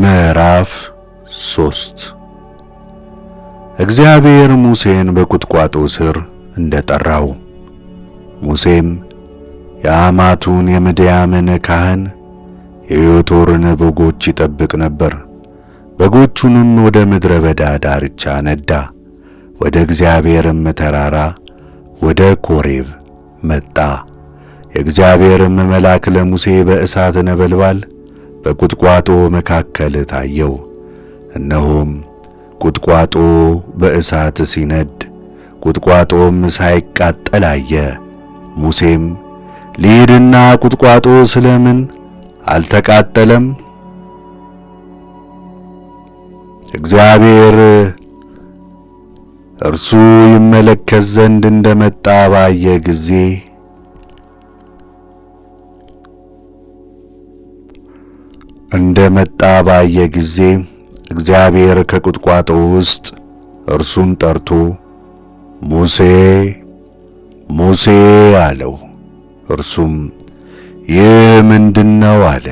ምዕራፍ ሶስት እግዚአብሔር ሙሴን በቁጥቋጦ ስር እንደጠራው ሙሴም የአማቱን የምድያምን ካህን የዮቶርን በጎች ይጠብቅ ነበር። በጎቹንም ወደ ምድረ በዳ ዳርቻ ነዳ፣ ወደ እግዚአብሔርም ተራራ ወደ ኮሬቭ መጣ። የእግዚአብሔርም መልአክ ለሙሴ በእሳት ነበልባል በቁጥቋጦ መካከል ታየው። እነሆም ቁጥቋጦ በእሳት ሲነድ ቁጥቋጦም ሳይቃጠል አየ። ሙሴም ልሂድና ቁጥቋጦ ስለምን አልተቃጠለም? እግዚአብሔር እርሱ ይመለከት ዘንድ እንደመጣ ባየ ጊዜ እንደ መጣ ባየ ጊዜ እግዚአብሔር ከቁጥቋጦ ውስጥ እርሱን ጠርቶ ሙሴ ሙሴ አለው። እርሱም ይህ ምንድነው? አለ።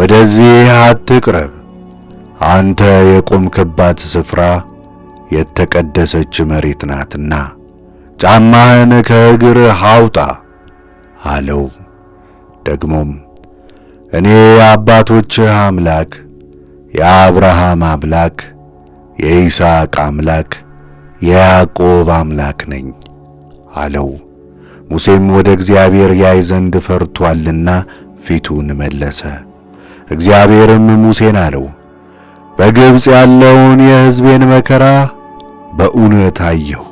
ወደዚህ አትቅረብ፣ አንተ የቆምክባት ስፍራ የተቀደሰች መሬት ናትና ጫማህን ከእግር አውጣ አለው። ደግሞም እኔ የአባቶችህ አምላክ የአብርሃም አምላክ የይስሐቅ አምላክ የያዕቆብ አምላክ ነኝ አለው። ሙሴም ወደ እግዚአብሔር ያይ ዘንድ ፈርቷልና ፊቱን መለሰ። እግዚአብሔርም ሙሴን አለው፣ በግብፅ ያለውን የሕዝቤን መከራ በእውነት አየሁ።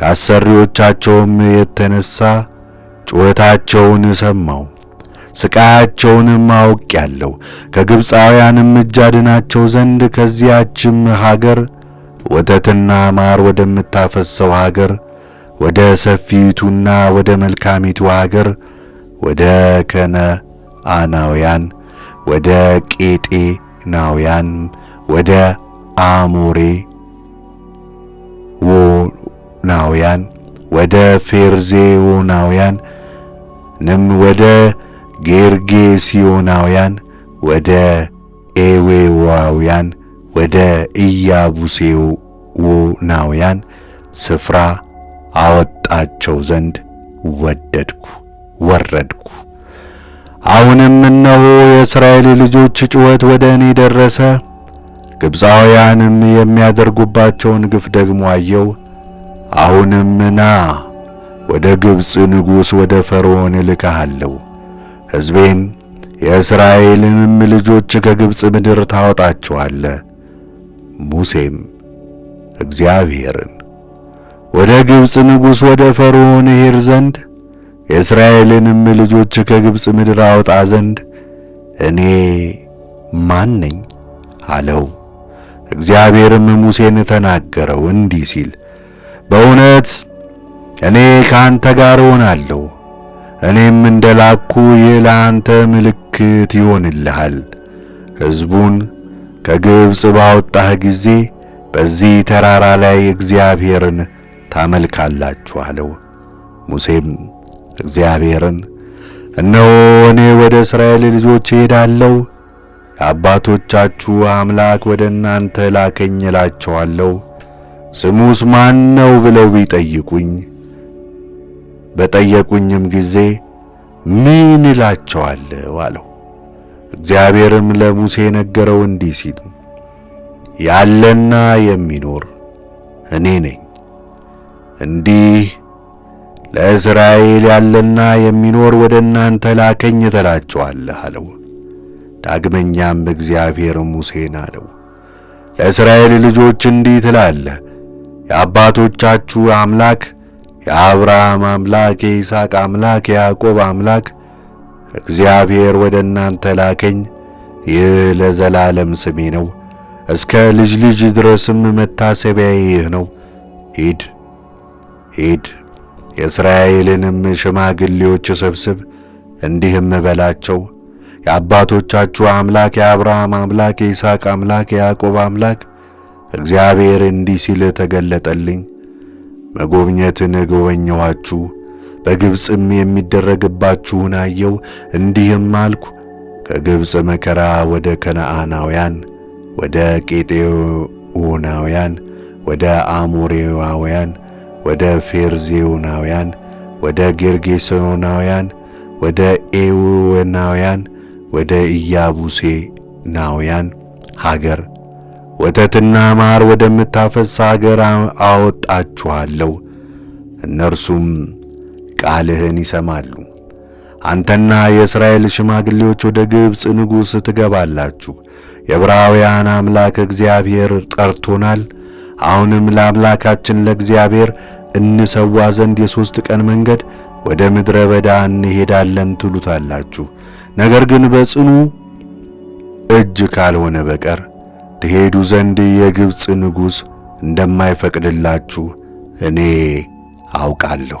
ከአሰሪዎቻቸውም የተነሣ ጩኸታቸውን ሰማው ስቃያቸውንም አውቄአለሁ። ከግብፃውያንም እጅ አድናቸው ዘንድ ከዚያችም ሀገር ወተትና ማር ወደምታፈሰው ሀገር ወደ ሰፊቱና ወደ መልካሚቱ ሀገር ወደ ከነአናውያን፣ ወደ ቄጤናውያን፣ ወደ አሞሬ ናውያን ወደ ፌርዜዎናውያንም ወደ ጌርጌሲዮናውያን ወደ ኤዌዋውያን ወደ ኢያቡሴዎናውያን ስፍራ አወጣቸው ዘንድ ወደድኩ ወረድኩ። አሁንም እነሆ የእስራኤል ልጆች ጩኸት ወደ እኔ ደረሰ፣ ግብፃውያንም የሚያደርጉባቸውን ግፍ ደግሞ አየው። አሁንም ና ወደ ግብፅ ንጉሥ ወደ ፈርዖን እልክሃለሁ ሕዝቤም የእስራኤልንም ልጆች ከግብፅ ምድር ታወጣቸዋለ። ሙሴም እግዚአብሔርን ወደ ግብፅ ንጉሥ ወደ ፈርዖን እሄድ ዘንድ የእስራኤልንም ልጆች ከግብፅ ምድር አወጣ ዘንድ እኔ ማን ነኝ አለው። እግዚአብሔርም ሙሴን ተናገረው እንዲህ ሲል በእውነት እኔ ከአንተ ጋር እሆናለሁ እኔም እንደ ላኩ ይህ ለአንተ ምልክት ይሆንልሃል። ሕዝቡን ከግብፅ ባወጣህ ጊዜ በዚህ ተራራ ላይ እግዚአብሔርን ታመልካላችሁ አለው። ሙሴም እግዚአብሔርን እነሆ እኔ ወደ እስራኤል ልጆች እሄዳለሁ፣ የአባቶቻችሁ አምላክ ወደ እናንተ ላከኝ እላቸዋለሁ ስሙስ ማን ነው ብለው ቢጠይቁኝ በጠየቁኝም ጊዜ ምን እላቸዋለሁ አለው። እግዚአብሔርም ለሙሴ ነገረው እንዲህ ሲል ያለና የሚኖር እኔ ነኝ። እንዲህ ለእስራኤል ያለና የሚኖር ወደ እናንተ ላከኝ ትላቸዋለህ አለው። ዳግመኛም እግዚአብሔር ሙሴን አለው፣ ለእስራኤል ልጆች እንዲህ ትላለህ የአባቶቻችሁ አምላክ የአብርሃም አምላክ የይስሐቅ አምላክ የያዕቆብ አምላክ እግዚአብሔር ወደ እናንተ ላከኝ። ይህ ለዘላለም ስሜ ነው፣ እስከ ልጅ ልጅ ድረስም መታሰቢያዬ ይህ ነው። ሂድ ሂድ፣ የእስራኤልንም ሽማግሌዎች ሰብስብ፣ እንዲህም በላቸው የአባቶቻችሁ አምላክ የአብርሃም አምላክ የይስሐቅ አምላክ የያዕቆብ አምላክ እግዚአብሔር እንዲህ ሲል ተገለጠልኝ መጎብኘትን ጎበኘኋችሁ፣ በግብፅም የሚደረግባችሁን አየው። እንዲህም አልኩ፣ ከግብፅ መከራ ወደ ከነዓናውያን፣ ወደ ቄጤውናውያን፣ ወደ አሞሬዋውያን፣ ወደ ፌርዜውናውያን፣ ወደ ጌርጌሶናውያን፣ ወደ ኤውናውያን፣ ወደ ኢያቡሴናውያን ሀገር ወተትና ማር ወደምታፈስ አገር አወጣችኋለሁ። እነርሱም ቃልህን ይሰማሉ። አንተና የእስራኤል ሽማግሌዎች ወደ ግብፅ ንጉሥ ትገባላችሁ። የዕብራውያን አምላክ እግዚአብሔር ጠርቶናል። አሁንም ለአምላካችን ለእግዚአብሔር እንሰዋ ዘንድ የሦስት ቀን መንገድ ወደ ምድረ በዳ እንሄዳለን ትሉታላችሁ። ነገር ግን በጽኑ እጅ ካልሆነ በቀር ትሄዱ ዘንድ የግብፅ ንጉሥ እንደማይፈቅድላችሁ እኔ አውቃለሁ።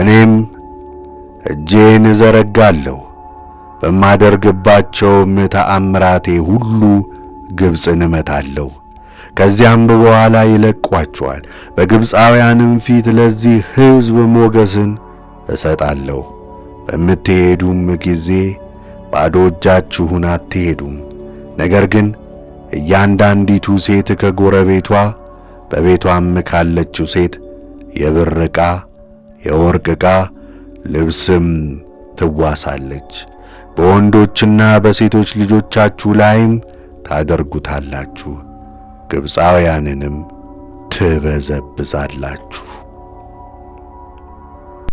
እኔም እጄን እዘረጋለሁ፣ በማደርግባቸውም ተአምራቴ ሁሉ ግብፅን እመታለሁ። ከዚያም በኋላ ይለቋቸዋል። በግብፃውያንም ፊት ለዚህ ሕዝብ ሞገስን እሰጣለሁ። በምትሄዱም ጊዜ ባዶ እጃችሁን አትሄዱም፣ ነገር ግን እያንዳንዲቱ ሴት ከጎረቤቷ በቤቷም ካለችው ሴት የብር ዕቃ፣ የወርቅ ዕቃ፣ ልብስም ትዋሳለች። በወንዶችና በሴቶች ልጆቻችሁ ላይም ታደርጉታላችሁ፣ ግብፃውያንንም ትበዘብዛላችሁ።